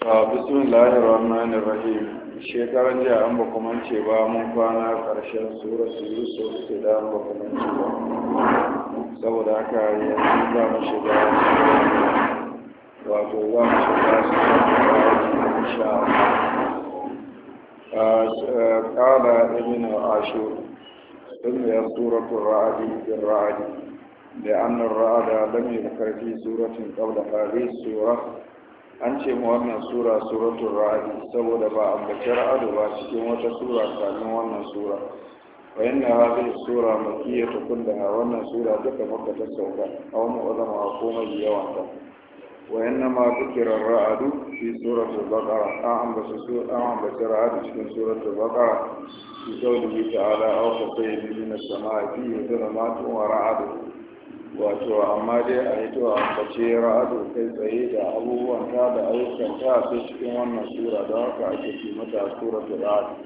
bismillahir rahmanir rahim shekaran jiya an ba kuma ce ba mun kwana karshen suratu yusuf ke da an ba kuma ce ba saboda haka yanzu za mu shiga wato za mu shiga su insha Allah qala ibn ashur sunna suratu ra'd bil ra'd لأن الرعد لم يذكر في سورة قبل هذه السورة an ce mu wannan sura suratul ra'adi, saboda ba ambaci ra'd ba cikin wata sura kamin wannan sura wa inna hadhihi sura makkiyatu kullaha wannan sura duka makka ta sauka aw mu'azama ko mai yawan ta wa inna ma fi suratul baqara an ambaci sura an ambaci ra'd cikin suratul baqara fi qawlihi ta'ala aw qawlihi min as-sama'i fi dhulumati wa ra'd wato amma dai a hito a ambace ra'adu kai tsaye da abubuwan ta da ayyukan ta sai cikin wannan sura da haka ake ce mata sura ta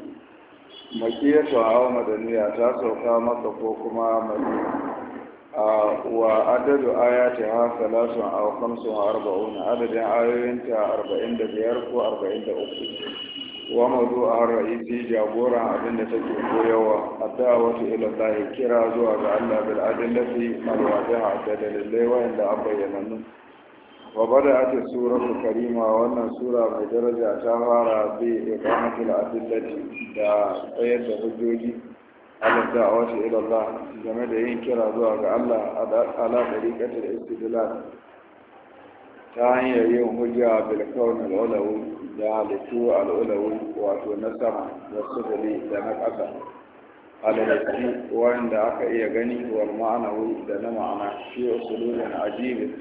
ra'ad ta hawa madaniya ta sauka masa ko kuma A wa adadu ayati ha salatun aw khamsun arba'una adadin ayoyinta arba'in da biyar ko arba'in da uku wa mawdu'a ra'isi jagora abin da take koyawa ad-da'watu ila Allah kira zuwa ga Allah bil adillati al-wadiha da dalilai wanda an bayyana nan wa bada'at suratu karima wannan sura mai daraja ta fara bi iqamatil adillati da tsayar da hujjoji ala da'wati ila Allah game da yin kira zuwa ga Allah ala tariqatil istidlal ta hanyar yin hujja bil kaun al-ulawi da halittu al-ulawi wato na sama da sufuri da na ƙasa halittu wanda aka iya gani wal ma'anawi da na ma'ana fi usulun ajibin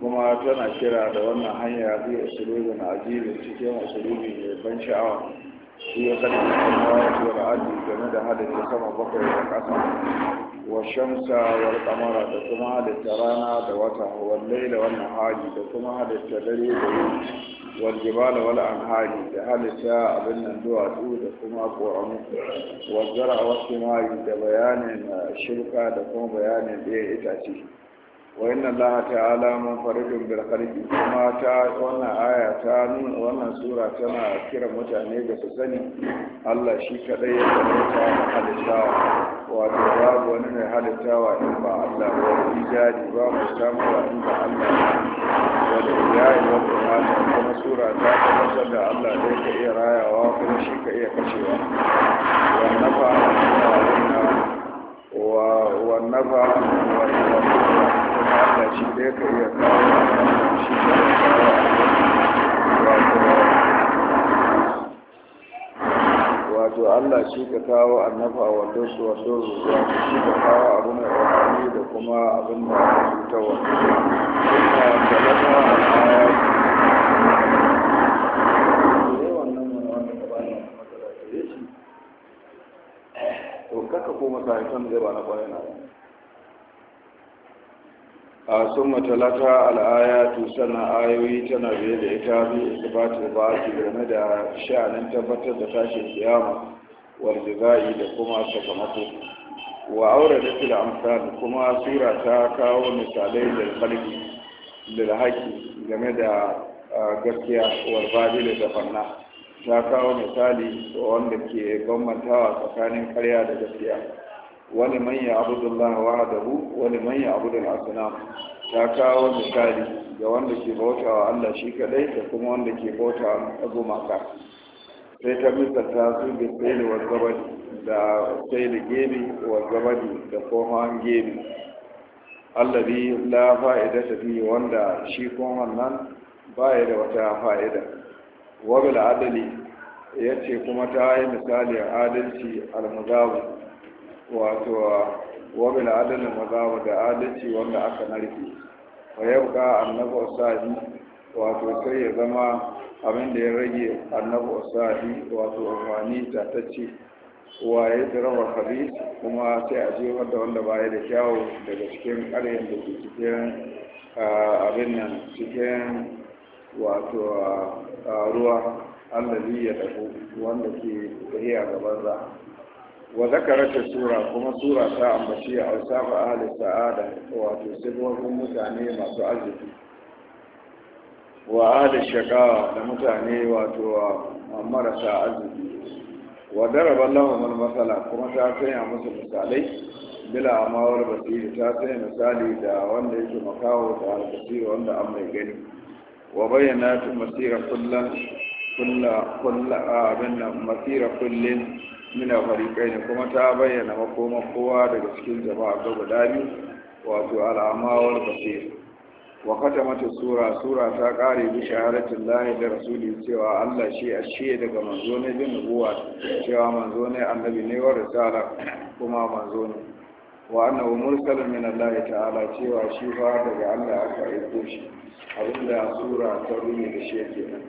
kuma tana kira da wannan hanya fi usulun ajibin cikin usulubi mai ban sha'awa shi ya sani da kuma ya tura aji game da halittu sama bakwai da ƙasa washamsa wal kamara da kuma halitta rana da wata wallai da wannan hali da kuma halitta dare da yi wajibala wal an hali da halitta abin nan duwatsu da kuma ƙoramu wajara wasu mayu da bayanin uh, shirka da kuma bayanin ɗaya itace wa inna ta alamun munfaridun bil khalqi kuma ta wannan aya ta nuna wannan sura tana kira mutane da su sani Allah shi kadai ya zama halitta halittawa wato babu wani mai halittawa in ba Allah ba wani jari ba mu samu samuwa in ba Allah ba da yayi wata mata kuma sura ta tabbatar da Allah da ka iya rayawa kuma shi ka iya kashewa wannan ba wannan ba ya ka iya kawo shi ne wato Allah shi ka kawo annafa a wando su shi ka kawo abu mai amfani da kuma abin da ya cuta wa to kaka ko masarifan da ba na kwarai na a sun matalata al'ayatu sannan ayoyi tana biye da ita bi isbatul ba'ati game da sha'anin tabbatar da tashin kiyama wal jazai da kuma sakamako wa aurada fil amsal kuma sura ta kawo misalai da qalbi lil haqi game da gaskiya wal badil da fanna ta kawo misali wanda ke bambantawa tsakanin karya da gaskiya wani manya ya abudu Allah wahdahu wani manya Abudun abudu ta kawo misali ga wanda ke bautawa Allah shi kadai da kuma wanda ke bautawa gumaka sai ta misalta su bi sai wa zabadi da sai gemi wa zabadi da kohon gemi allabi la fa'ida ta fi wanda shi kohon nan baya da wata fa'ida wa bil ya ce kuma ta yi misali adalci al-muzawi wato wa wabil maza mazawa da adalci wanda aka narke wa yabqa annabu usahi wato sai ya zama abin da ya rage annabu usahi wato amfani tatacce wa ya jirawa habis kuma sai a jefar da wanda baya da kyau daga cikin ƙaryan da ke cikin abin nan cikin wato ruwa allazi ya dafu wanda ke tafiya gaban za wa ta sura kuma sura ta ambaci a usafa ahli sa'ada wato sirrin mutane masu arziki wa ahli shaqawa da mutane wato marasa arziki wa daraba lahum al-masala kuma ta sanya musu misalai bila a amawar basiri ta sanya misali da wanda yake makawo da al wanda an mai gani wa bayyana ta masira kullan kulla abin abin masira kullin mina fariƙai ne kuma ta bayyana makoma kowa daga cikin jama'a ga guda biyu wato al'amawar basir wa katamata sura sura ta ƙare bi shaharatin lahi da rasuli cewa Allah shi a shi daga manzo ne bin nubuwa cewa manzo ne annabi ne wa risala kuma manzo ne wa annahu mursalun min Allah ta'ala cewa shi fa daga Allah aka aiko shi abinda sura ta rumi da shi kenan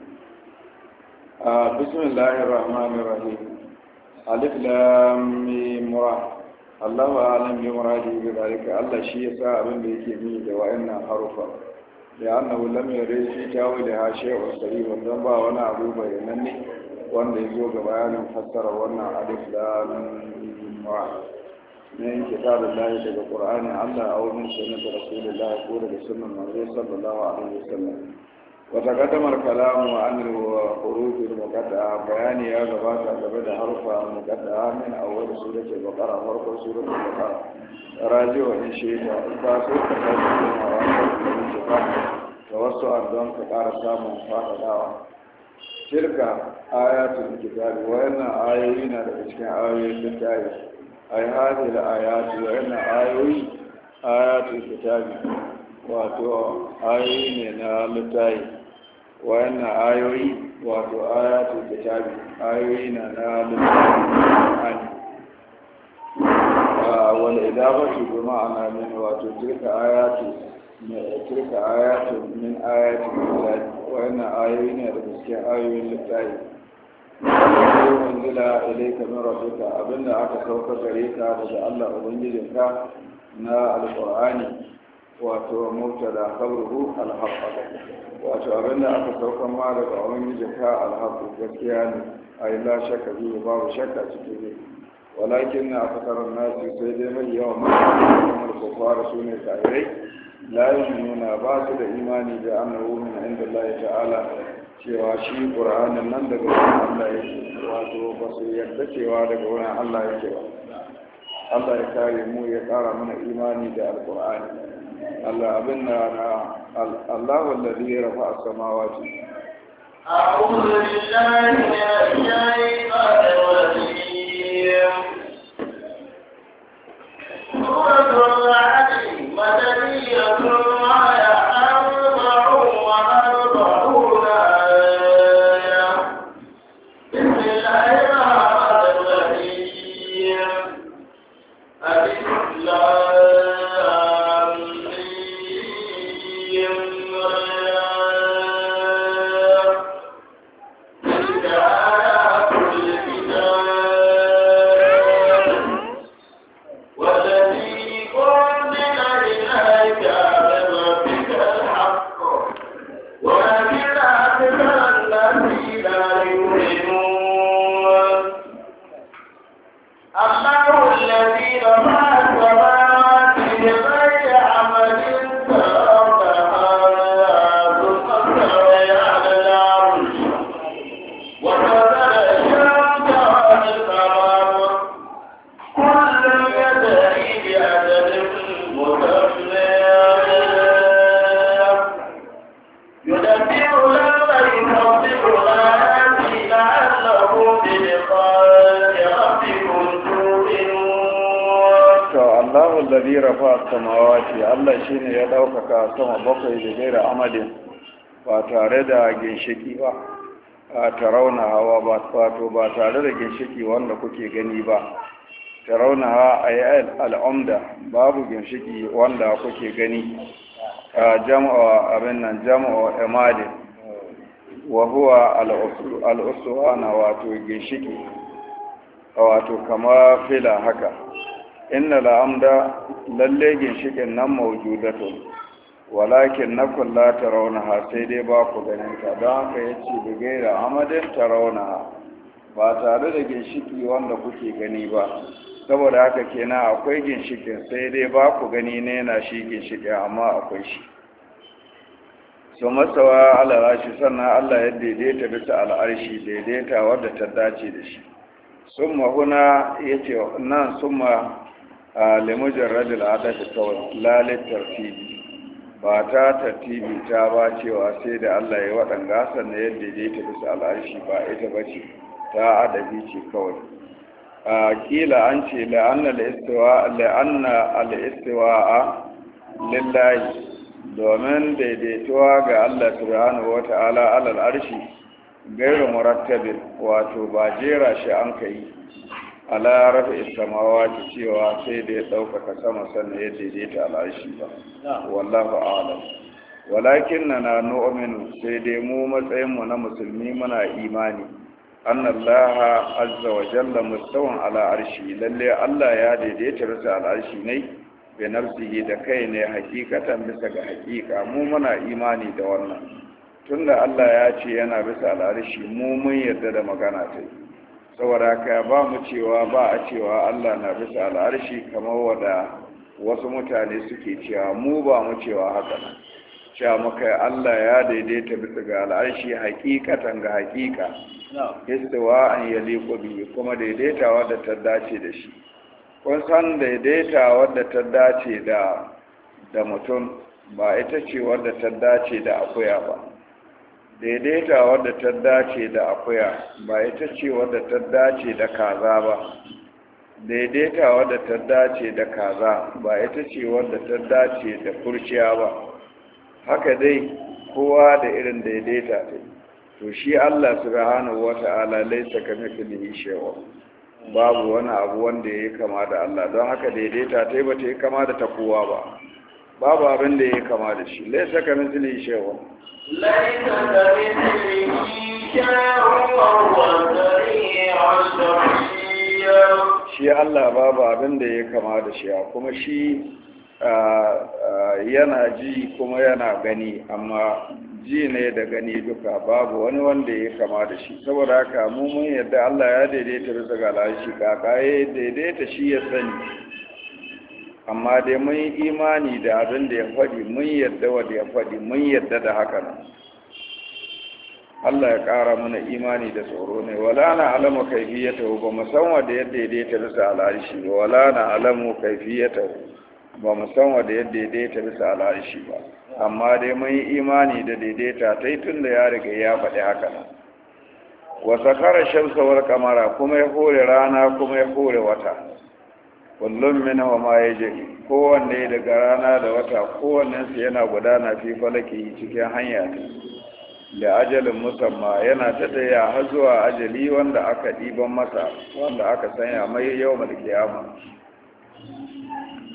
a bismillahir rahmanir rahim alif lam mim Allah wa alam bi muradi bi zalika Allah shi yasa abin da yake bi da wayannan harufa da annahu lam yarid fi da ha shay'un sarih wannan ba wani abu nan ne wanda yazo ga bayanin fassara wannan alif lam mim ra ne da lahi daga qur'ani Allah a wurin sunnatu rasulullah ko daga sunnan manzo sallallahu alaihi wasallam وتقدم الكلام عن الحروف المقطعة بيان يا غبات غبد حرف المقطعة من أول سورة البقرة فرق سورة البقرة راجع إن شاء الله تقدم المراحل توسع الدم كقار سام فاق دعوة تلك آيات الكتاب وإن آيين الإشكاء آيين الكتاب أي هذه الآيات وإن آيين آيات الكتاب وأتوا آيين الكتاب wayannan ayoyi wato ayatul kitabi ayoyi na na littafin wani idabatu bi ma'ana min wato tilka ayatu tilka ayatu min ayati lillahi wayannan ayoyi ne da gaske ayoyin littafi sai manzila ilaika min rabbika abinda aka sauka gare ka daga Allah ubangijinka na alqur'ani wato mubtada khabruhu alhaqqa wato abin da aka saukan ma daga ubangijin ka alhaku gaskiya ne a yi lashaka biyu babu shakka cikin ne walakin na aka tarar nasu sai dai mai yawa masu kamar kofar su ne kafirai la nuna ba su da imani da annabu min inda Allah ta'ala cewa shi ƙur'ani nan daga wani Allah ya yake wato ba su yarda cewa daga wani Allah ya ke ba Allah ya kare mu ya kara mana imani da alƙur'ani الله abin na Allah wallazi ya أعوذ بالله من الشيطان الرجيم. سورة tarauna hawa ba wato ba tare da ginshiki wanda kuke gani ba tarauna ha yi al'umda babu ginshiki wanda kuke gani a jama'a abin nan jama'a imadi wa huwa al'usuwana wato ginshiki wato kama fila haka inna la'amda lalle ginshikin nan mawujudatun walakin na kula ta raunaha sai dai ba ku ganinta don haka ya ce da gaira amadin ta raunaha ba tare da ginshiki wanda kuke gani ba saboda haka kenan akwai ginshikin sai dai ba ku gani ne na shi ginshikin amma akwai shi su masawa shi sannan allah ya daidaita bisa al'arshi daidaita wadda ta dace da shi sun mahuna ya ce nan sun ma limujar radil adadi kawai lalitar fili ba ta tartibi ta ba cewa sai da Allah ya waɗan gasar na yadda zai ta bisa al'arshi ba ita ba ce ta adabi ce kawai a kila an ce la'anna al'istawa a lillahi domin daidaituwa ga Allah subhanahu wa ta'ala alal arshi gairu murattabin wato ba jera shi an kai ala rafi istamawa ki cewa sai da ya ɗaukaka sama sannan ya daidaita al'arshi ba wallahu alam walakin na na sai dai mu matsayinmu na musulmi muna imani annallaha azza wa jalla mustawan ala arshi lalle Allah ya daidaita rasa al'arshi ne bi nafsihi da kai ne hakikatan bisa ga hakika mu muna imani da wannan tunda Allah ya ce yana bisa al'arshi mu mun yarda da magana ta yi saboda ka ba mu cewa ba a cewa Allah na bisa al'arshi kamar wada wasu mutane suke cewa mu ba mu cewa haka nan cewa muka Allah ya daidaita bisa ga al'arshi hakikatan ga hakika istiwa an yaliqu bihi kuma daidaita wanda ta dace da shi kun san daidaita wanda ta dace da da mutum ba ita ce wadda ta dace da akuya ba daidaita wadda ta dace da akuya ba ita ce wadda ta dace da kaza ba daidaita wadda ta dace da kaza ba ita ce wadda ta dace da kurciya ba haka dai kowa da irin daidaita ta to shi allah subhanahu wata'ala laisa ka mithlihi shay'un babu wani abu wanda ya kama da allah don haka daidaita ta ba ta yi kama da ta kowa ba babu abin da ya kama da shi lai saka mithli shay'un laisa ka wa shi Allah babu abin da ya kama da shi kuma shi yana ji kuma yana gani amma ji ne da gani duka babu wani wanda ya kama da shi saboda haka mu mun yadda Allah ya daidaita bisa ga lashi daidaita shi ya sani amma dai mun yi imani da abin da ya faɗi mun yadda wa da ya faɗi mun yadda da haka nan Allah ya ƙara mana imani da tsoro ne wala na alamu kaifiyatahu ba mu san wa da yadda ya daita bisa al'arshi ba wala na alamu kaifiyatahu ba mu san wa da yadda ya daita bisa al'arshi ba amma dai mun yi imani da daidaita ta tun da ya riga ya faɗi haka nan wa sakara shamsa wal kamara kuma ya hore rana kuma ya hore wata kullum mina wa ma ya je, kowanne daga rana da wata kowannensu yana gudana fi falaki cikin hanya ta da ajalin musamman yana ta tsaya har zuwa ajali wanda aka ɗiban masa wanda aka sanya mai yau malkiyama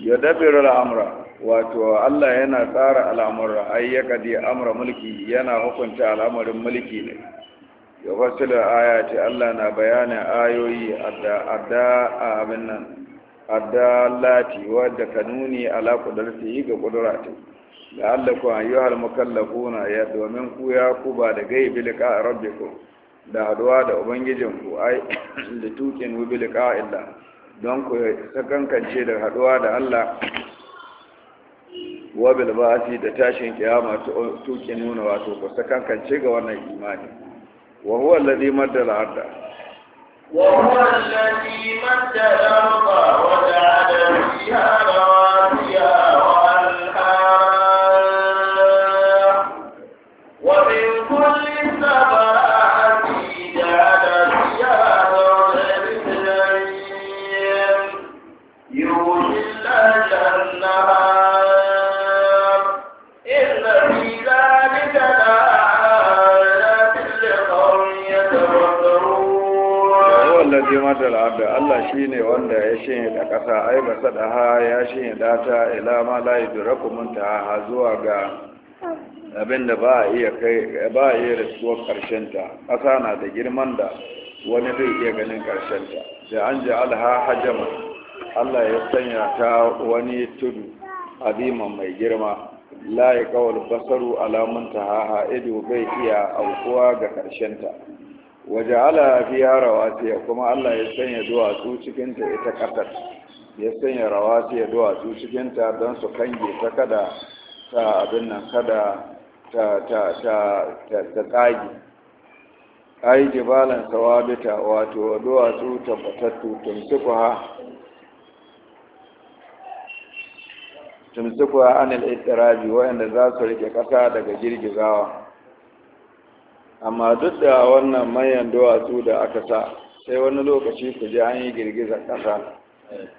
ya dabiru al'amura wato allah yana tsara al'amura ayyaka da amra mulki yana hukunta al'amarin mulki ne ya fassila aya ce allah na bayanin ayoyi a da abin nan addalati wadda ka nuni ala kudarti ga kudurati da allaku ayyuhal mukallafuna ya domin ku ya ku ba da gaibi liqa rabbiku da haduwa da ubangijinku ai da tukin wa bilqa illa don ku sakankance da haduwa da Allah wa bil da tashin kiyama tukin nuna wato ku sakankance ga wannan imani wa huwa alladhi madda al وهو الذي مد الأرض وجعل فيها رواسي da arda Allah shine wanda ya shinye da ƙasa ai ba ha ya shinye da ta ila ma la ta ha zuwa ga abinda ba a iya kai ba a iya rasuwar karshen ta ƙasa na da girman da wani zai iya ganin karshen ta da an ji alha hajama Allah ya sanya ta wani tudu aziman mai girma la ya kawal basaru alamun ta ha ido bai iya aukuwa ga karshen ta waje ala fiya rawasiya kuma Allah ya sanya duwatsu cikinta ita ƙasar ya sanya rawasiya duwatsu cikinta don su kange ta kada ta abin nan kada ta ta ta ta tsage ai jibalan sawabita wato duwatsu tabbatattu tumsukuha tumsukuha anil ittirabi wa'anda za su rike ƙasa daga girgizawa amma duk da wannan manyan duwatsu da aka sa sai wani lokaci ku ji an yi girgizar ƙasa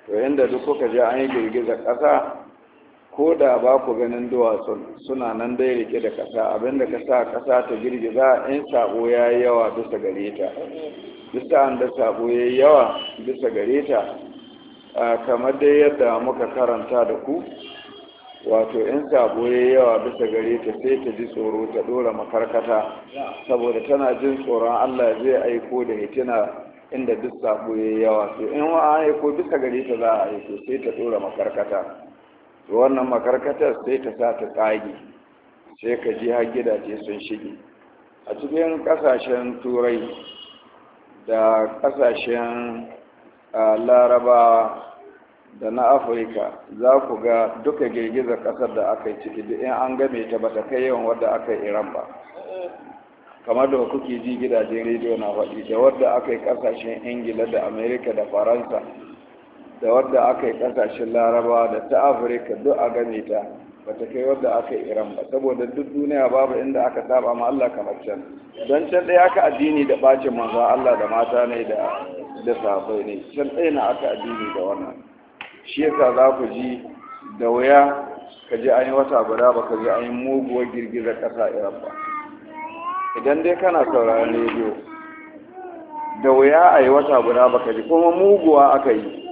to inda duk kuka ji an yi girgizar ƙasa ko da ba ku ganin duwatsu suna nan dai rike da ƙasa abinda ka sa ƙasa ta girgiza in sabo ya yi yawa bisa gare ta duk sa'an da sabo ya yi yawa bisa gare ta kamar dai yadda muka karanta da ku wato in sabo ya yawa bisa gare ta sai ta ji tsoro ta dora makarkata saboda tana jin tsoron allah zai aiko da hitina inda duk sabo ya yawa to in wa aiko bisa gare ta za a aiko sai ta dora makarkata to wannan makarkatar sai ta sa ta tsage sai ka ji har gidaje sun shige a cikin kasashen turai da kasashen larabawa da na afirka za ku ga duka girgizar kasar da aka yi ciki da in an game ta ba ta kai yawan wadda aka yi iran ba kamar da kuke ji gidajen rediyo na faɗi da wadda aka yi ƙasashen ingila da amerika da faransa da wadda aka yi ƙasashen laraba da ta afirka duk a game ta ba ta kai wadda aka yi iran ba saboda duk duniya babu inda aka saba ma allah kamar can don can ɗaya aka addini da ɓacin manzon allah da mata ne da da sahabbai ne can ɗaya na aka addini da wannan shi yasa za ku ji da waya ka ji an yi wata guda ba ka ji an yi muguwar girgizar ƙasa irin ba idan dai kana sauraron rediyo da waya a yi wata guda ba ka ji kuma muguwa aka yi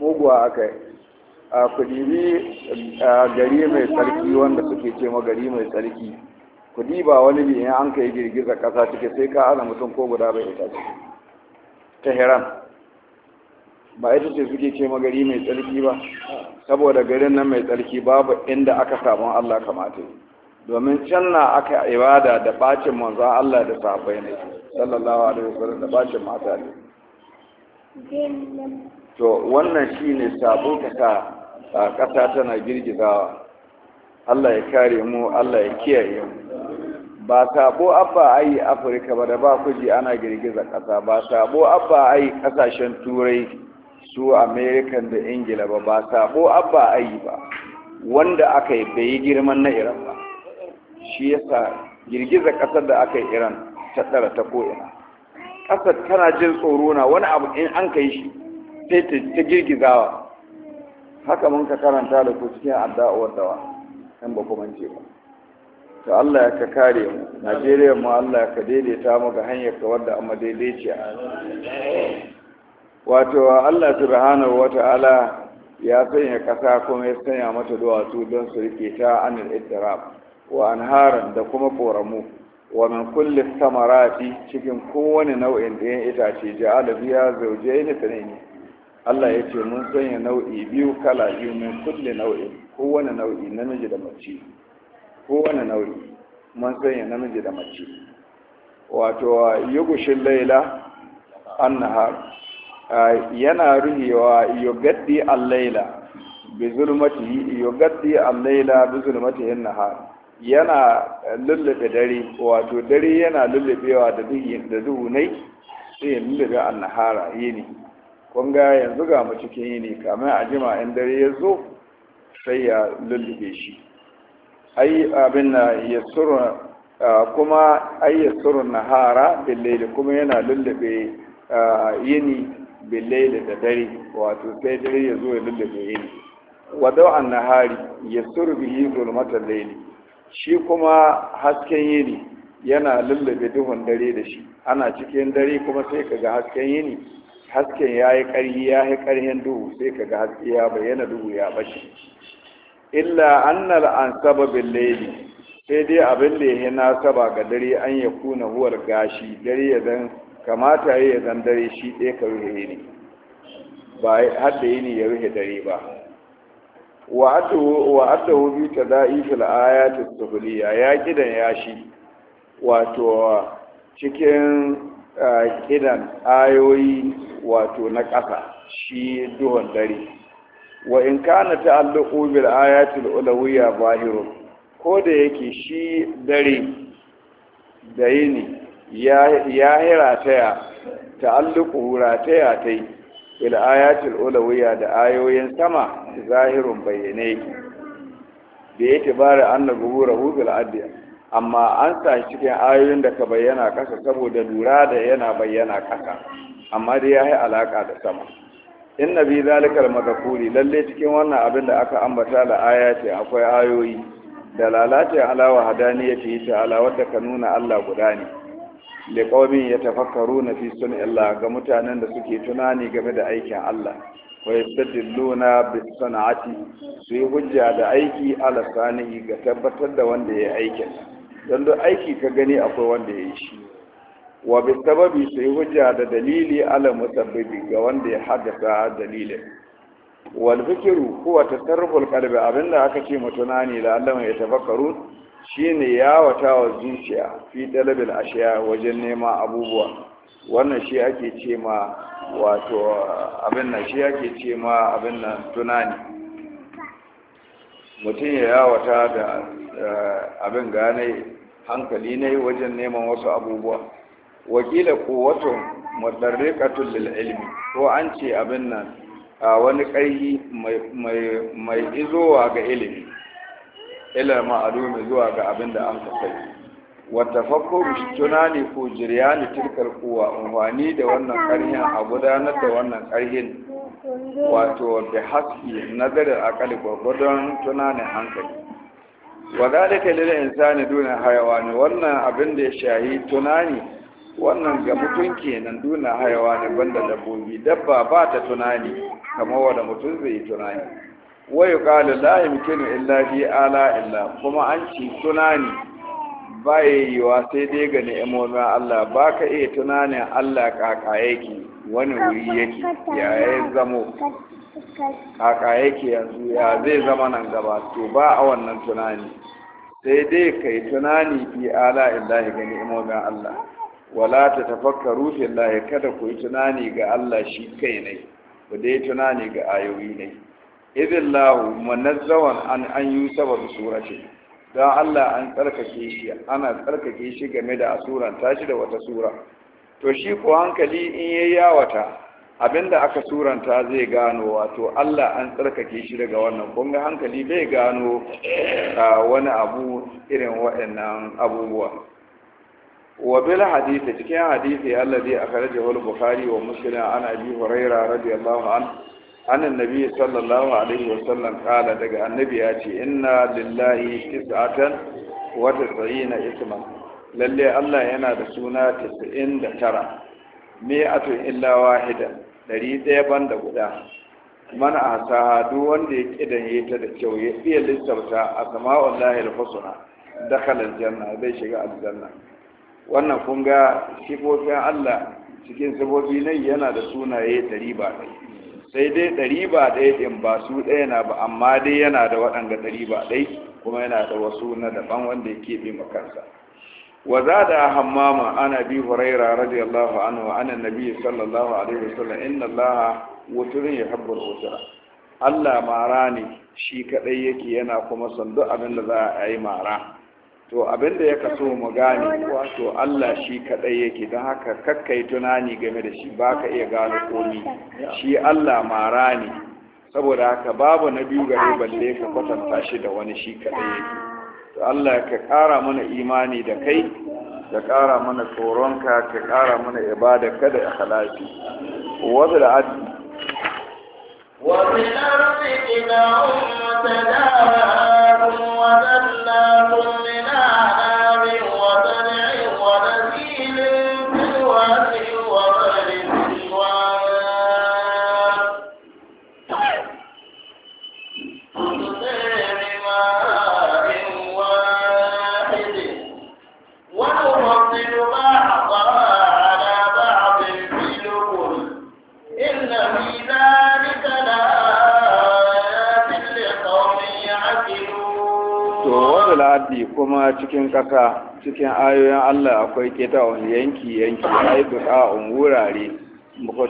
muguwa aka yi a kudibi gari mai tsarki wanda suke ce ma gari mai tsarki kudi ba wani biyan an ka yi girgizar ƙasa cike sai ka ana mutum ko guda bai ita ce ta heran ba ita ce suke ce magari mai tsarki ba saboda garin nan mai tsarki babu inda aka samu Allah kamata domin can na aka ibada da bacin manzo Allah da sahabbai ne sallallahu alaihi wasallam da bacin mata ne to wannan shine sabo ka ta kasa tana girgizawa Allah ya kare mu Allah ya kiyaye mu ba sabo abba ai afirka ba da ba kuji ana girgiza kasa ba sabo abba ai ƙasashen turai su american da ingila ba ba sabo abba ayi ba wanda aka yi bai girman na iran ba shi yasa girgizar kasar da aka yi iran ta tsara ta ko'ina kasar tana jin tsoro na wani abu in an kai shi sai ta girgizawa haka mun ka karanta da ku cikin addu'awar dawa kan ba kuma ce ba to Allah ya ka kare mu Najeriya mu Allah ya ka daidaita mu ga hanyar ka wadda amma daidaiciya wato Allah subhanahu wata'ala ya sanya ƙasa kuma ya sanya mata duwatsu don su rike ta anil ittirab wa anharan da kuma koramu wa min kulli samarati cikin kowane nau'in yan itace ja'ala biya zawjaini tanini Allah ya ce mun sanya nau'i biyu kala biyu min kulli nau'in kowane nau'i namiji da mace kowane nau'i mun sanya namiji da mace wato yugushin laila annahar yana ruhewa gaddi al-laila bi yo gaddi al-laila bi zulmati an-nahar yana lullube dare wato dare yana lullubewa da duhu da duhu ne sai ya lullube annahara yini kun ga yanzu ga mu cikin yini kamar a jima in dare ya zo sai ya lullube shi ai abin na yasuru kuma ai nahara billahi kuma yana lullube yini billaili da dare wato sai dare ya zo ya lullube yini wadau an nahari ya bihi zulmatar laili shi kuma hasken yini yana lullube duhun dare da shi ana cikin dare kuma sai ka ga hasken yini hasken ya yi ƙarhi ya yi ƙarhin duhu sai kaga ga haske ya bayyana duhu ya bace illa annal an saba billaili sai dai abin da ya na saba ga dare an ya kuna huwar gashi dare ya zan kamata ya yi dare shi ɗaya ka ruhe ni. ba har da yini ya ruhe dare ba wa adda hudu ta da'i fil ayatul suhuliya ya kidan yashi wato cikin kidan ayoyi wato na ƙasa shi duhun dare wa in kana ta'alluqu bil ayatil ulawiyya bahiru ko da yake shi dare da yini ya yi rataya ya rataya tai bil ayatil ulawiyya da ayoyin sama zahirun bayyane yake da yake bare annabu rahu bil adiya amma an sa cikin ayoyin da ka bayyana kasa saboda lura da yana bayyana kasa amma dai ya yi alaka da sama in nabi zalikar mazakuri lalle cikin wannan abin da aka ambata da ayati akwai ayoyi da lalata alawa hadaniya ta ala wadda ka nuna Allah guda ne liqaumin yatafakkaruna fi illa ga mutanen da suke tunani game da aikin Allah wa yastadilluna bi sana'ati su yi hujja da aiki ala sanihi ga tabbatar da wanda ya aikin don duk aiki ka gani akwai wanda ya yi shi wa bi sababi su yi hujja da dalili ala musabbibi ga wanda ya haddasa dalilin wal fikru huwa tasarruful qalbi abinda aka ce mutunani la Allah ya tafakkaru shine yawata wa zuciya fi talabil ashiya wajen neman abubuwa wannan shi ake ce ma wato abin nan shi ake ce ma abin nan tunani mutum ya yawata da eh, abin gane hankali ne wajen neman wasu abubuwa wakila kowatun matsarrikatun lil ilmi ko an ce abin nan a wani ƙaihi mai izowa ga ilimi ila ma'alumi zuwa ga abin da an kasai wata fakkuru tunani ko jiryani tilkar kuwa unhwani da wannan karhin a gudanar da wannan karhin wato da haski nazarin akali gwargwadon tunanin hankali wadalika lil insani duna hayawani wannan abin da ya shahi tunani wannan ga mutum kenan duna hayawani banda dabbobi dabba ba ta tunani kamar wanda mutum zai tunani Wai kala la yumkinu illa bi ala illa kuma an ci tunani ba wa sai dai ga ni'imomin Allah ba ka iya tunanin Allah kaka yake wani wuri yake ya ya zamo kaka yake yanzu ya zai zama nan gaba to ba a wannan tunani sai dai ka yi tunani bi ala illa ga ni'imomin Allah wala ta tafakkaru fi Allah kada ku yi tunani ga Allah shi kai ne ku dai tunani ga ayoyi ne idin lahu manazzawan an an yi sabar ce, don Allah an tsarkake shi ana tsarkake shi game da asuran tashi da wata sura to shi ko hankali in yi yawata abinda aka suranta zai gano wato Allah an tsarkake shi daga wannan kunga hankali bai gano wani abu irin waɗannan abubuwa wa bil hadisi cikin hadisi zai akhrajahu al-bukhari wa muslim an abi hurairah radiyallahu anhu annan nabi sallallahu alaihi wasallam kala daga annabi ya ce inna lillahi tis'atan wa tis'ina isman lalle Allah yana da suna 99 mi'atu illa wahida dari daya banda guda man asaha duk wanda ya kidanye ta da kyau ya iya lissafta a sama'ullahi al-husna dakhala al-janna zai shiga aljanna wannan kun ga sifofin Allah cikin sifofi ne yana da sunaye 100 ba ɗaya sai dai ɗari ba ɗaya ɗin ba su ɗaya na ba amma dai yana da waɗanda ɗari ba ɗai kuma yana da wasu na daban wanda ya bi ma kansa wa za da hammama ana bi huraira radiyallahu anhu ana nabi sallallahu alaihi wasallam inna allaha wuturin ya habbar wutura allah mara ne shi kaɗai yake yana kuma sandu abin da za a yi mara to abin da ya kaso mu gane wato Allah shi kadai yake don haka kakkai tunani game da shi baka iya gano komi shi Allah mara ne saboda haka babu na biyu gare balle ka kwatanta shi da wani shi kadai yake to Allah ka kara mana imani da kai ka kara mana tsoronka ka kara mana ibada kada ya halafi wa bil adli wa bil ardi ila wa dallahum to wadda la'adi kuma cikin kasa cikin ayoyin Allah akwai keta wani yanki yanki ai duka un wurare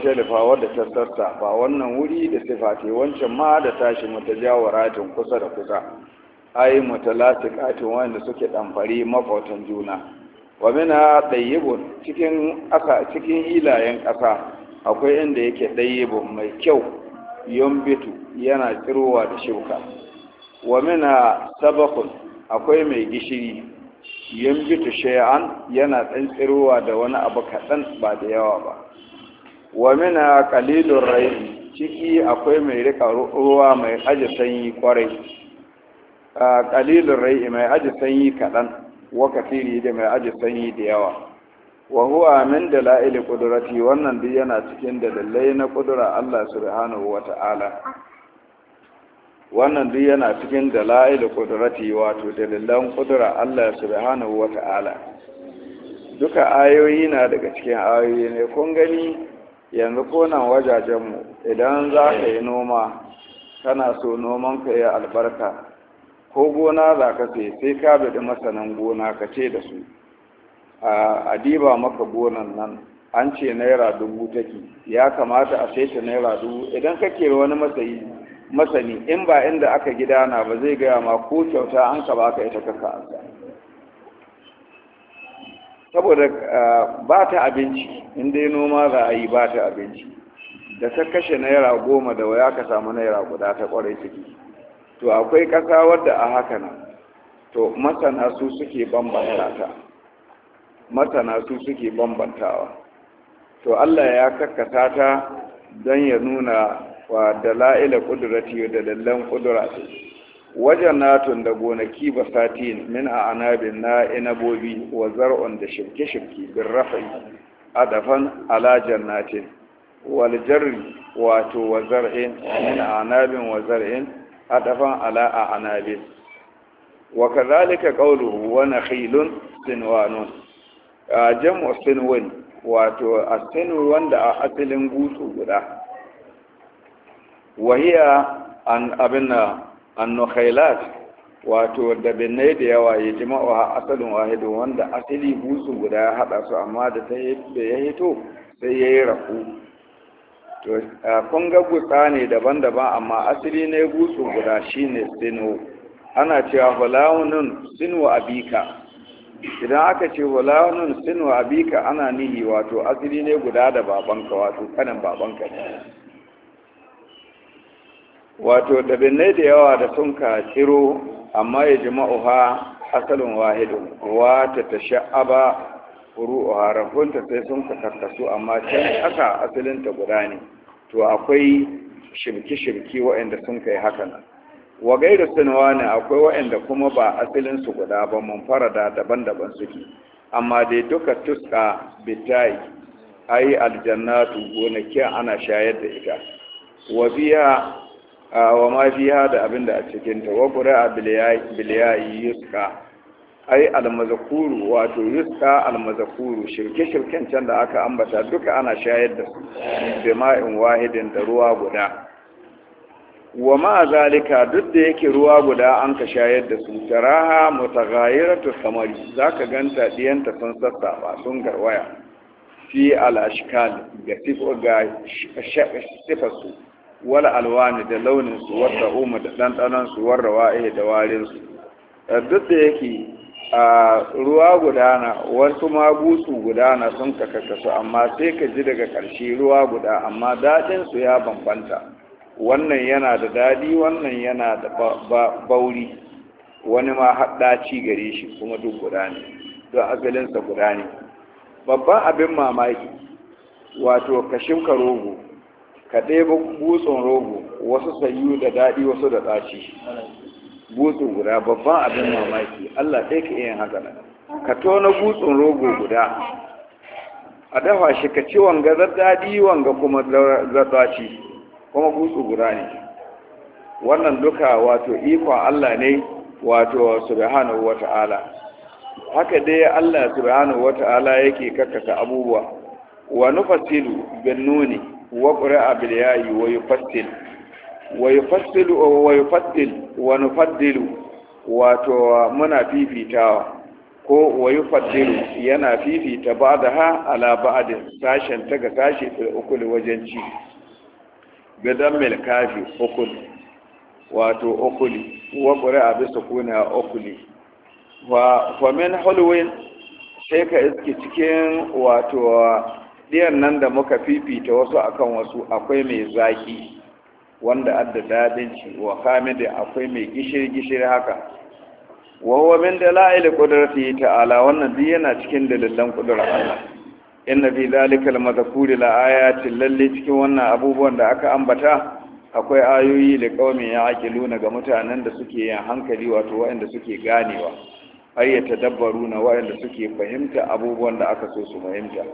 ce da fa wadda ta sassa ba wannan wuri da sifate wancan ma da tashi mutajawaratin kusa da kusa ai mutalasiqatin wanda suke fari mafautan juna wa mina dayyibun cikin aka cikin ilayen ƙasa akwai inda yake dayyibun mai kyau yombitu yana tsirowa da shuka wa mina sabakun akwai mai gishiri yambitu shay'an yana ɗan tsirowa da wani abu kaɗan ba da yawa ba wa mina qalilur rayi ciki akwai mai rika ruwa mai aji sanyi kwarai qalilur rayi mai aji sanyi kaɗan wa kafiri da mai aji sanyi da yawa wa huwa min dalail qudrati wannan duk yana cikin dalilai na qudura Allah subhanahu wata'ala wannan duk yana cikin dala'il qudrati wato dalilan kudura Allah subhanahu wata'ala duka ayoyi na daga cikin ayoyi ne kun gani yanzu konan wajajen mu idan za ka yi noma kana so noman ka yi albarka ko gona za ka sai sai ka bidi masanan gona ka ce da su a diba maka gonan nan an ce naira dubu take ya kamata a sai ta naira dubu idan kake wani masayi masani in ba inda aka gidana ba zai gaya ma ko kyauta an ka ba ka ita kaka saboda ba ta abinci in dai noma za a yi ba ta abinci da ka kashe naira goma da waya ka samu naira guda ta kwarai ciki to akwai ƙasa wadda a haka nan to masana su suke bambanta ta masana su suke bambantawa to allah ya kakkasa ta don ya nuna wa dala'ila qudrati da lallan qudra wajen natun da gonaki basati min a anabin na inabobi wa zar'un da shirke-shirke bin rafai adafan ala jannatin wal jarri wato wa zar'in min a anabin wa zar'in adafan ala a anabin wa kazalika qawluhu wa nakhilun sinwanun jam'u sinwin wato asin wanda a asalin gusu guda wahiya an abin annukhailat wato da binnai da yawa ya jima'u a asalin wahidu wanda asali busu guda ya haɗa su amma da ta ya hito sai ya yi rafu to kun ga gutsa ne daban-daban amma asali ne busu guda shi ne sino ana cewa hulawunun sino abika idan aka ce hulawunun sino abika ana nihi wato asali ne guda da babanka wato kanin babanka ne wato dabinai da yawa da sun ka amma ya ma'u'ha asalin wahidun wata ta sha'aba furu'uha rahunta sai sun ka karkasu amma can aka asalinta guda ne to akwai shirki-shirki waɗanda sun kai haka nan wa gaira sinuwa ne akwai waɗanda kuma ba asalinsu guda ba mun farada daban-daban suke amma dai duka tuska bitai ai aljannatu gonakin ana shayar da ita wa biya wa ma fiha da abin da a cikin ta wa qura'a bil ya'i yuska. ai almazkuru wato al almazkuru shirke shirken can da aka ambata duka ana shayar da su wahidin da ruwa guda wa ma zalika duk da yake ruwa guda an ka shayar da su taraha mutaghayiratu samari zaka ganta diyanta sun sassafa sun garwaya fi al-ashkal ga sifa su wala alwani da launin su wata umu da ɗanɗanon su warra wa'ihe da warin su eh, duk da yake a ruwa gudana wasu ma gutsu gudana sun kakakasu amma sai ka ji daga ƙarshe ruwa guda amma daɗin su ya bambanta wannan yana da daɗi wannan yana da bauri wani ma haɗaci gare shi kuma duk guda ne don asalinsa guda ne babban abin mamaki wato kashin rogo ka ɗebo butsun rogo wasu sayu da daɗi wasu da ɗaci Butsu guda babban abin mamaki Allah ɗai ka iya haka nan ka tona butsun rogo guda a dafa shi ka ci wanga daɗi wanga kuma zaɗaci kuma butsu guda ne wannan duka wato ikon Allah ne wato subhanahu wata'ala haka dai Allah subhanahu wata'ala yake kakkasa abubuwa wa nufasilu bin nuni wa qira'a bil ya'i wa yufattil wa yufattil wa yufattil wa muna fifitawa ko wayu yufaddilu yana fifita ba ba'daha ala ba'd sashen ta ga sashi fil ukul wajen ci bidan mil kafi ukul wato ukuli wa qira'a bi sukuna ukuli wa fa min hulwin sai ka iske cikin wato ɗiyan nan da muka fifita wasu akan wasu akwai mai zaki wanda adda dadin ci wa hamidi akwai mai gishiri gishiri haka wa huwa min dalail yi ta'ala wannan duk yana cikin dalilan ƙudurar Allah inna fi zalikal mazkuri la ayatin lalle cikin wannan abubuwan da aka ambata akwai ayoyi da qaumi yaqiluna ga mutanen da suke yin hankali wato waɗanda suke ganewa ayyata dabbaruna na waɗanda suke fahimta abubuwan da aka so su fahimta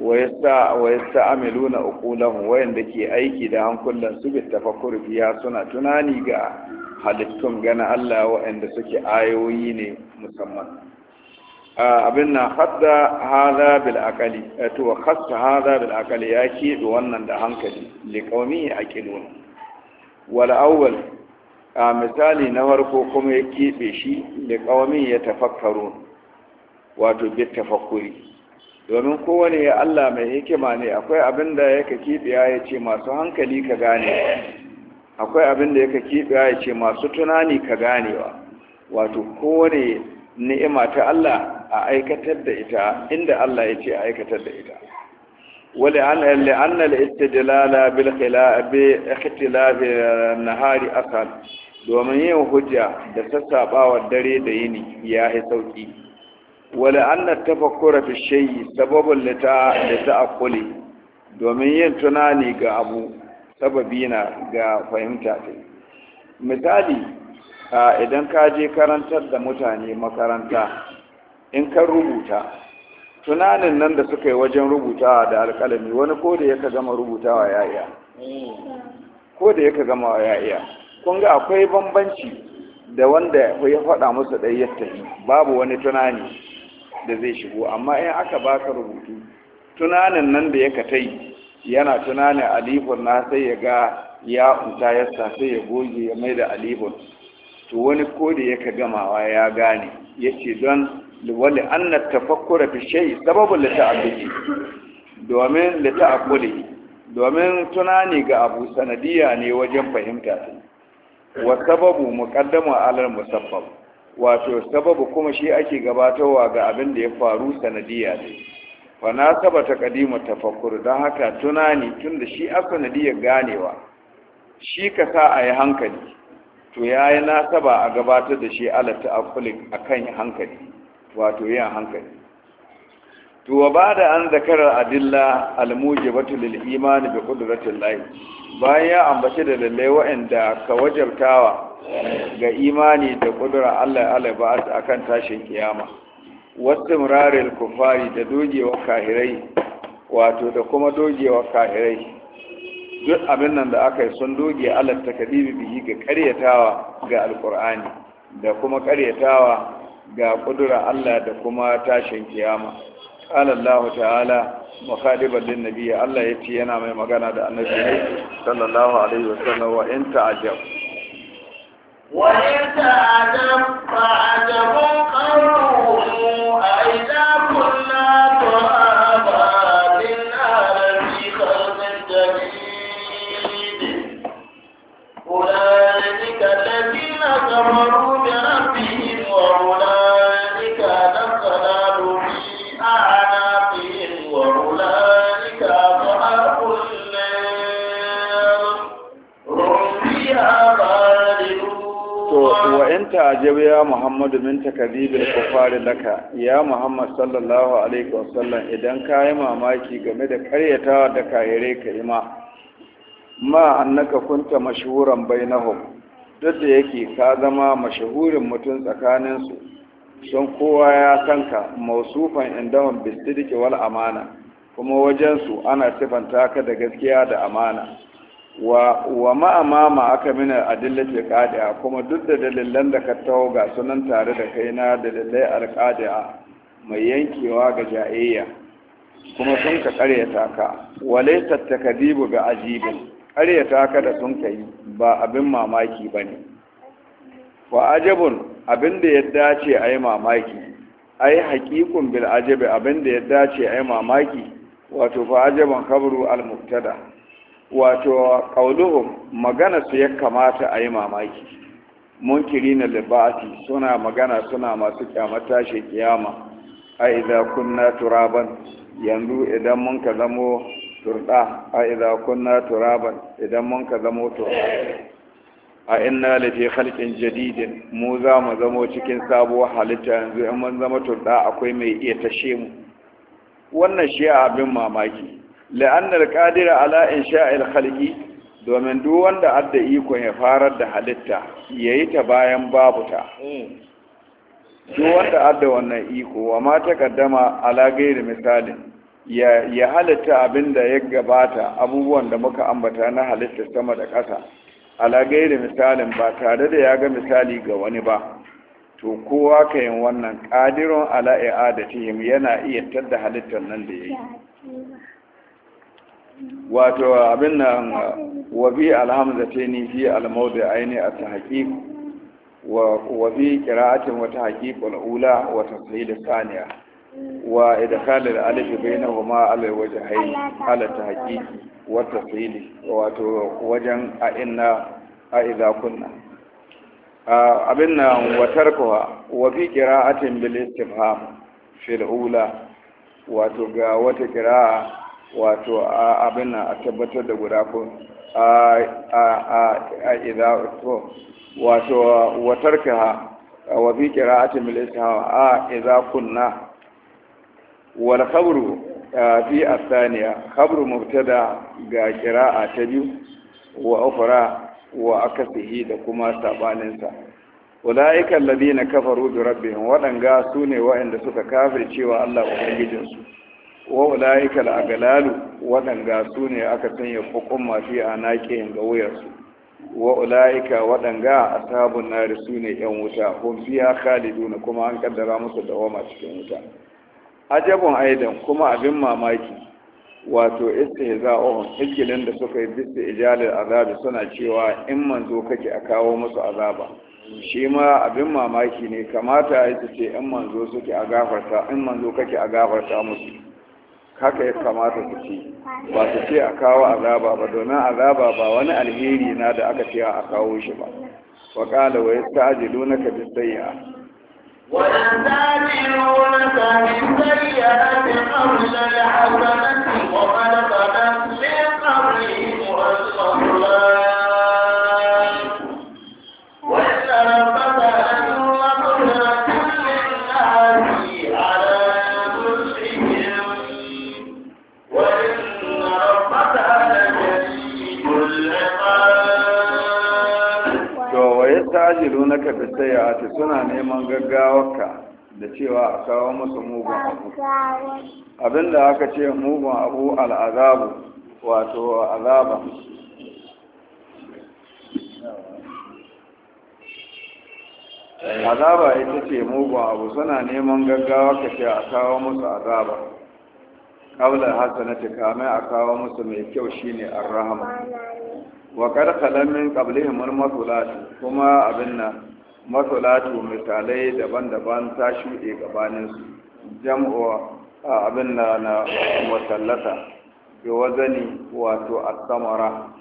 wayasta amiluna uqulahum wayanda ke aiki da hankulan su bi tafakkur biya suna tunani ga halittun gana Allah wayanda suke ayoyi ne musamman abin na hadda hada bil aqali to khassa hada bil aqali ya ke wannan da hankali li qaumi aqilun wal awwal a misali na farko kuma ya kebe shi li ya tafakkaru, wato bi tafakkuri domin kowane ya Allah mai hikima ne akwai abin da yake kibiya ya ce masu hankali ka gane akwai abin da yake kibiya ya ce masu tunani ka ganewa wato kowane ni'ima ta Allah a aikatar da ita inda Allah ya ce a aikatar da ita wale an an na istidlala bil khilaf bi ikhtilaf nahari asal domin yin hujja da sassaɓawar dare da yini ya yi sauƙi wala anna tafakkura fi shay'i sababun lita da ta'aqquli domin yin tunani ga abu sababi na ga fahimta ta misali idan ka je karantar da mutane makaranta in ka rubuta tunanin nan da suka yi wajen rubutawa da alkalami wani ko da yaka gama rubutawa ya iya ko da yaka gama ya iya kun ga akwai bambanci da wanda ya faɗa musu ɗai babu wani tunani da zai shigo amma in aka baka rubutu tunanin nan da yaka tai yana tunanin alifun na sai ya ga ya unta sai ya goge ya mai da alifun to wani ko da yaka gamawa ya gane yace don wali anna tafakkura fi shay sababul lita'abbi domin lita'abbuli domin tunani ga abu sanadiya ne wajen fahimta wa sababu muqaddamu alal musabbab wato sababu kuma shi ake gabatarwa ga abin da ya faru sanadiyya ne fa na sabata kadima tafakkur don haka tunani tun da shi aka ganewa shi ka sa a yi hankali to ya yi nasaba a gabatar da shi ala ta'affulik a kan hankali wato yin hankali to wa ba da an zakarar adilla almujibatu lil imani bi qudratillahi bayan ya ambace da lalle wa'anda ka wajabtawa ga imani da kudura Allah Allah ba su kan tashin kiyama wasu murarar kufari da dogewa kahirai wato da kuma dogewa kahirai duk abin nan da aka yi sun doge Allah ta kadibi bihi ga karyatawa ga alkur'ani da kuma karyatawa ga kudura Allah da kuma tashin kiyama qala Allah ta'ala mukhaliban din nabiya Allah ya ce yana mai magana da annabi sallallahu alaihi wasallam wa in ta'ajab ولا muhammadu min takadibin kufari laka ya muhammad sallallahu alaihi wasallam idan ka yi mamaki game da karyatawa da kahirai ka yi ma ma annaka kunta mashahuran bainahum duk da yake ka zama mashahurin mutum tsakaninsu sun kowa ya san ka mausufan indawan bisidiki wal amana kuma wajen su ana sifanta ka da gaskiya da amana wa wa ma aka mina adillati qadi'a kuma duk da dalilan da ka tawo ga sunan tare da kai na dalilai alqadi'a mai yankewa ga ja'iyya kuma sun ka ƙaryata ka walaysa takdibu bi ajibin ƙaryata ka da sun kai ba abin mamaki bane wa ajabun abin da ya dace ayi mamaki ai haqiqun bil ajabi abin da ya dace ayi mamaki wato fa ajaban kabru al muktada wato kauluhum magana su ya kamata a yi mamaki munkiri na libati suna magana suna masu kyamata shi kiyama a idza kunna turaban yanzu idan mun ka zamo turda a idza kunna turaban idan mun ka zamo turda a inna lafi halkin jadidin mu za mu zamo cikin sabuwar halitta yanzu in mun zama turda akwai mai iya tashe mu wannan shi abin mamaki La'anar qadira ala insha'il khalqi domin duk wanda adda iko ya farar da halitta yayi ta bayan babu ta duk wanda adda wannan iko wa ma takaddama ala misalin ya ya halitta abinda ya gabata abubuwan da muka ambata na halitta sama da ƙasa ala misalin ba tare da ya ga misali ga wani ba to kowa ka wannan ƙadirin ala yana iya tadda halittar nan da yayi wato abin nan wa bi alhamzataini fi almawdi aini at-tahqiq wa wa bi qira'atin wa tahqiq al-ula wa taslil al-thaniya wa idkhal al-alif bainahuma ala wajhayn ala tahqiq wa taslil wato wajen a inna a idza kunna abin nan wa tarkuha wa bi qira'atin bil istifham fi ula wato ga wata qira'a wato abin nan a tabbatar da guda ko a idza ko wato wa tarkaha wa fi qira'ati bil ishawa a idza kunna wal khabru fi athaniya khabru mubtada ga qira'a ta biyu wa ukhra wa akasihi da kuma sa ulaika alladhina kafaru bi rabbihim wadanga sune wa'anda suka cewa Allah ubangijinsu wa ulaikal agalalu waɗanga su ne aka sanya hukun mafi a naƙiyin ga wuyarsu wa ulaika waɗanga ashabun nari su ne yan wuta hum fiha khaliduna kuma an kaddara musu wama cikin wuta ajabun aidan kuma abin mamaki wato istihza'uhum hikilin da suka yi bisa ijalil azabi suna cewa in manzo kake a kawo musu azaba shi ma abin mamaki ne kamata su ce in manzo suke a gafarta in manzo kake a gafarta musu haka ya kamata ku ci ba su ce a kawo azaba ba domin azaba ba wani alheri na da aka ce a kawo shi ba wa kala wa ka wa yasta'jilunaka bis-sayyi'a ويستعجلونك بالسيئة قبل qala وقد خلت من قبلهم الأخلاق ajiru na ka bisayya suna neman gaggawarka da cewa a kawo musu mugun abu abinda aka ce mugun abu al'azabu wato azaba azaba ita ce mugun abu suna neman gaggawa ka ce a kawo musu azaba kawular hasanati kamai a kawo musu mai kyau shine arrahama wa kar kalamin qablihim al-masulat kuma abin nan masulatu misalai daban-daban ta shuɗe gabanin su jam'u abin da na musallata bi wazani wato as-samara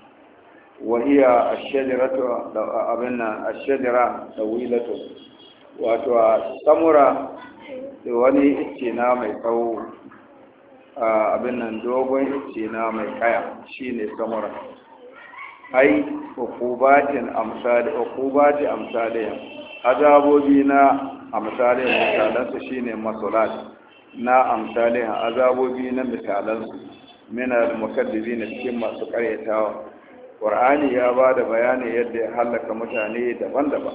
wa hiya ash-shajaratu abin nan ash-shajara tawilatu wato samura da wani icce na mai tsawo abin nan dogon icce na mai kaya shine samura ai hukubatin amsali hukubati amsaliyan azabobi na misalan su shine masalat na amsaliyan azabobi na misalansu min al mukaddibin cikin masu karyatawa qur'ani ya ba da bayani yadda ya halaka mutane daban-daban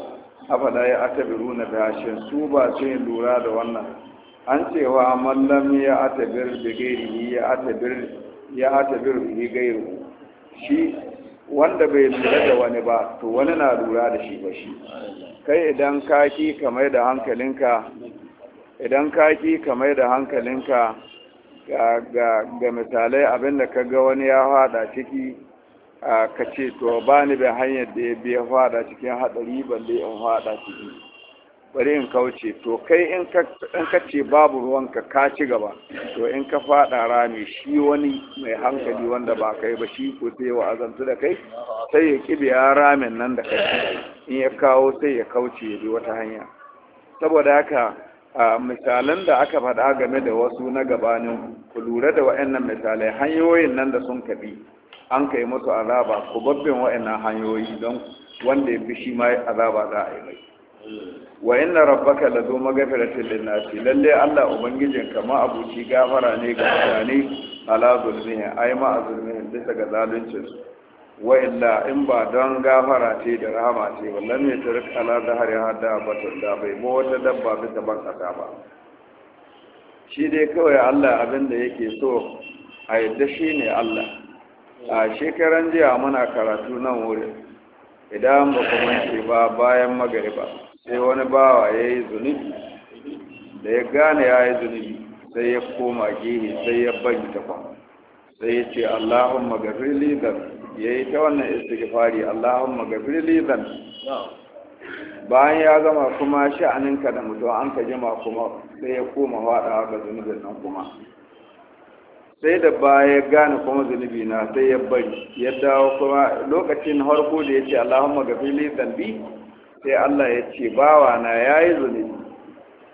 afala ya atabiru na bashin su ba sai lura da wannan an cewa mallam ya atabir bi gairihi ya atabir ya atabir bi gairihi shi wanda bai lura da wani ba to wani na lura da shi ba shi kai idan kaki kamar da hankalinka idan kaki kamar da hankalinka ga, ga, ga misalai abinda ka ga wani ya fada ciki ka ce to ba bai hanyar da ya biya cikin hadari balle in fada ciki bari in kauce to kai in ka ce babu ruwanka ka ci gaba to in ka fada rami shi wani mai hankali wanda ba kai ba shi ko sai wa azantu da kai sai ya kibe ya ramin nan da kai in ya kawo sai ya kauce ya bi wata hanya saboda haka a misalan da aka faɗa game da wasu na gabanin ku lura da wa'annan misalai hanyoyin nan da sun kaɗi an kai musu azaba ku babbin wa'annan hanyoyi don wanda ya bi shi ma azaba za a yi mai wa inna rabbaka la zo lin nasi lalle Allah ubangijin ka ma abuci gafara ne ga mutane ala zulmihi ay ma azulmihi bisa ga zaluncin wa illa in ba don gafara ce da rahama ce wallan ne ta ala zahari hada batun da bai mu wata dabba bisa ban kasa ba shi dai kawai Allah abin da yake so a yadda shi ne Allah a shekaran jiya muna karatu nan wurin idan ba kuma ce ba bayan magariba sai wani bawa ya yi zunubi da ya gane ya yi zunubi sai ya koma gini sai ya bari ta kwan sai ya ce allahumma gafir lidan ya yi ta wannan istighfari allahumma gafir lidan bayan ya gama kuma sha'aninka da mutum an ka jima kuma sai ya koma faɗawa ga zunubin nan kuma sai da baya gane kuma zunubi na sai ya bari ya dawo kuma lokacin harko da ya ce Allahumma fili zambi sai Allah ya ce bawa na ya yi zunubi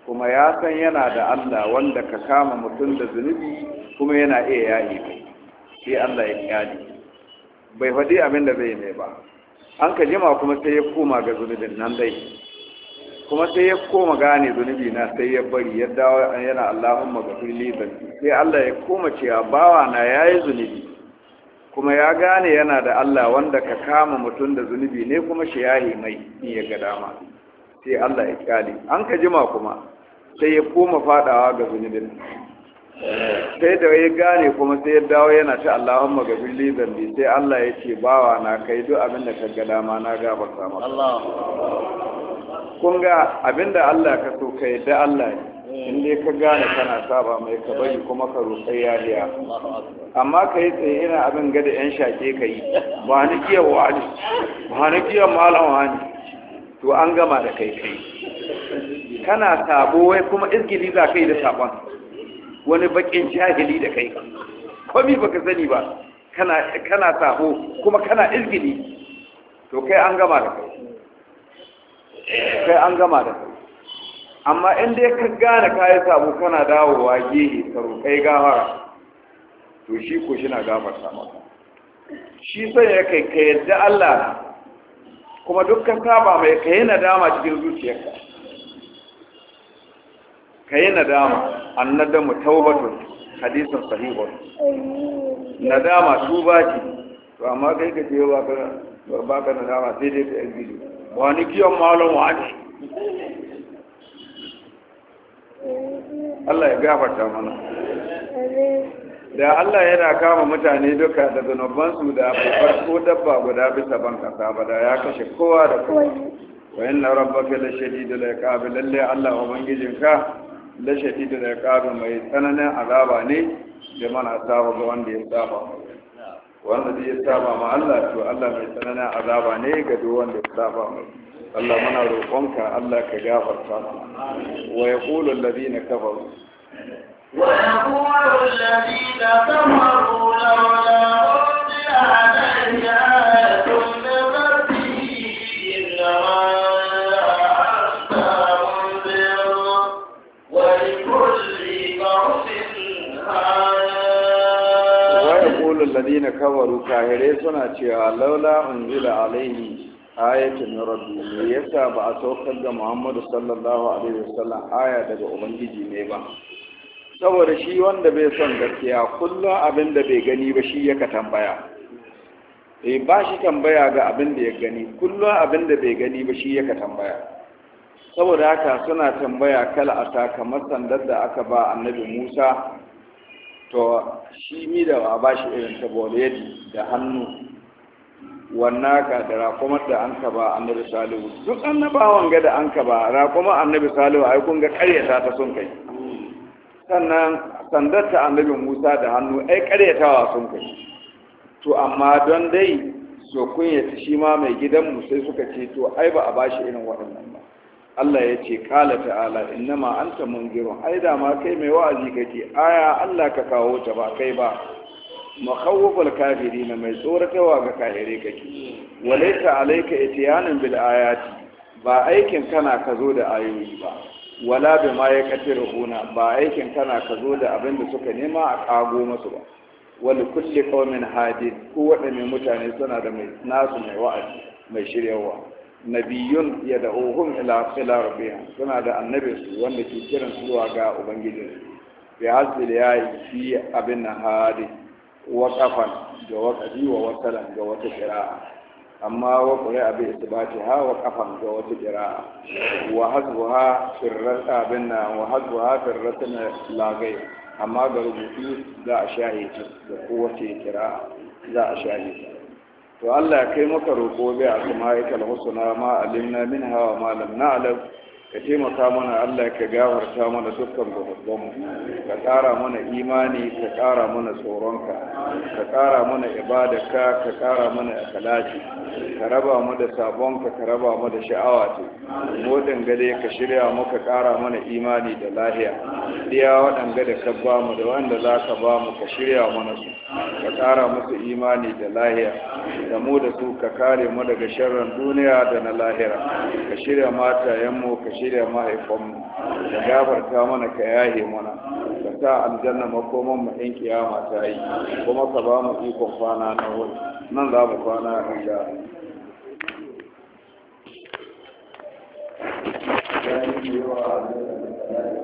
kuma ya san yana da Allah wanda ka kama mutum da zunubi kuma yana iya yayi kai sai Allah ya kyali bai faɗi abin da zai ne ba an ka jima kuma sai ya koma ga zunubin nan dai kuma sai ya koma gane zunubi na sai ya bari ya dawo yana Allahumma ghafirli dhanbi sai Allah ya koma cewa bawa na yayi zunubi kuma ya gane yana da Allah wanda ka kama mutum da zunubi ne kuma shi ya yi mai in ya ga dama sai Allah ya kyale an ka jima kuma sai ya koma fadawa ga zunubin sai da ya gane kuma sai ya dawo yana ta Allahumma ghafirli dhanbi sai Allah ya ce bawa na kai duk abin da ka ga dama na gafarta maka kun ga abinda Allah ka so ka yadda Allah ne in dai ka gane kana saba mai ka bari kuma ka roƙi yariya amma ka yi tsaye ina abin gada yan shaƙe ka yi ba ni wa ni ba ni giya malam ni to an gama da kai kai kana sabo wai kuma izgili za ka yi da sabon wani bakin jahili da kai komi baka sani ba kana kana sabo kuma kana izgili to kai an gama da kai kai an gama da kai amma in dai ka gane yi sabu kana dawowa gehe ka kai gafara to shi ko shi na gafarta maka shi sai ya kai ka yadda Allah kuma dukkan saba mai ka yi nadama cikin zuciyarka ka yi nadama annadamu taubatun hadisin sahihun nadama tuba ce to amma kai ka ce ba ka nadama sai dai ka yi wani kiyon malon wani Allah ya gafarta mana da Allah yana kama mutane duka da zunubansu da abubuwar ko dabba guda bisa ban kasa ba da ya kashe kowa da kowa wa yana rabbaka la shadidu la lalle Allah bangijinka la shadidu la mai tsananin azaba ne da mana saba ga wanda ya saba wanda zai saba ma Allah to Allah mai tsananin azaba ne ga duk wanda ya saba mai Allah muna roƙonka Allah ka gafarta wa yaqulu alladhina kafaru wa yaqulu alladhina kafaru lawla qalu kahire suna cewa laula unzila alaihi ayatun rabbi me yasa ba a saukar da Muhammadu sallallahu alaihi wasallam aya daga ubangiji ne ba saboda shi wanda bai son gaskiya kullum abin da bai gani ba shi yaka tambaya eh ba shi tambaya ga abin da ya gani kullum abin da bai gani ba shi yaka tambaya saboda haka suna tambaya kala ata kamar sandar da aka ba annabi Musa to shi mi da ba ba shi irin ta boledi da hannu wannan ka da raƙumar da an ka ba annabi salihu duk annabawan ga da an ka ba raƙumar annabi salihu ai kun ga karyata ta sun kai sannan sandar ta annabi musa da hannu ai karyatawa sun kai to amma don dai so kunyata shi ma mai gidanmu sai suka ce to ai ba a ba shi irin waɗannan Allah ya ce kala ta'ala innama anta munzirun ai da ma kai mai wa'azi kake aya Allah ka kawo ta ba kai ba makhawfal kafirin mai tsoratawa ga kahire kake walaita alayka itiyanan bil ayati ba aikin kana ka zo da ayoyi ba wala bi ma yaqtiruna ba aikin kana ka zo da abin da suka nema a kago masu ba wal kulli qaumin hadid ko wadanne mutane suna da mai nasu mai wa'azi mai shiryawa nabiyun ya da'uhum ila ila rabbihim suna da annabi su wanda ke kiran su zuwa ga ubangijin bi hazil yayi fi abin hadi wa qafan ga waqadi wa wasalan ga wata qira'a amma wa qira'a bi isbatiha wa qafan ga wata qira'a wa hazbuha firrat abin na wa hazbuha firratun la lagai, amma ga rubutu za a shahi da kowace qira'a za a shahi to Allah kai maka roƙo bai a kuma aikal husna ma alimna min hawa ma lam na'lam ka taimaka mana Allah ka gafarta mana dukkan gurbin ka ƙara mana imani ka ƙara mana tsoronka ka ƙara mana ibadarka ka ƙara mana akalaci ka raba mu da sabonka ka raba mu da sha'awa ce modin gade ka shirya mu ka ƙara mana imani da lahiya iya waɗanda da ka ba mu da wanda za ka ba mu ka shirya mana su ka kara musu imani da lahiya da mu da su ka kare mu daga sharran duniya da na lahira ka shirya matayenmu ka shirya mahaifanmu ka gafarta mana ka yahe mana ka sa aljanna makoman mu in kiyama ta yi kuma ka ba mu ikon kwana na wani nan za mu kwana a ga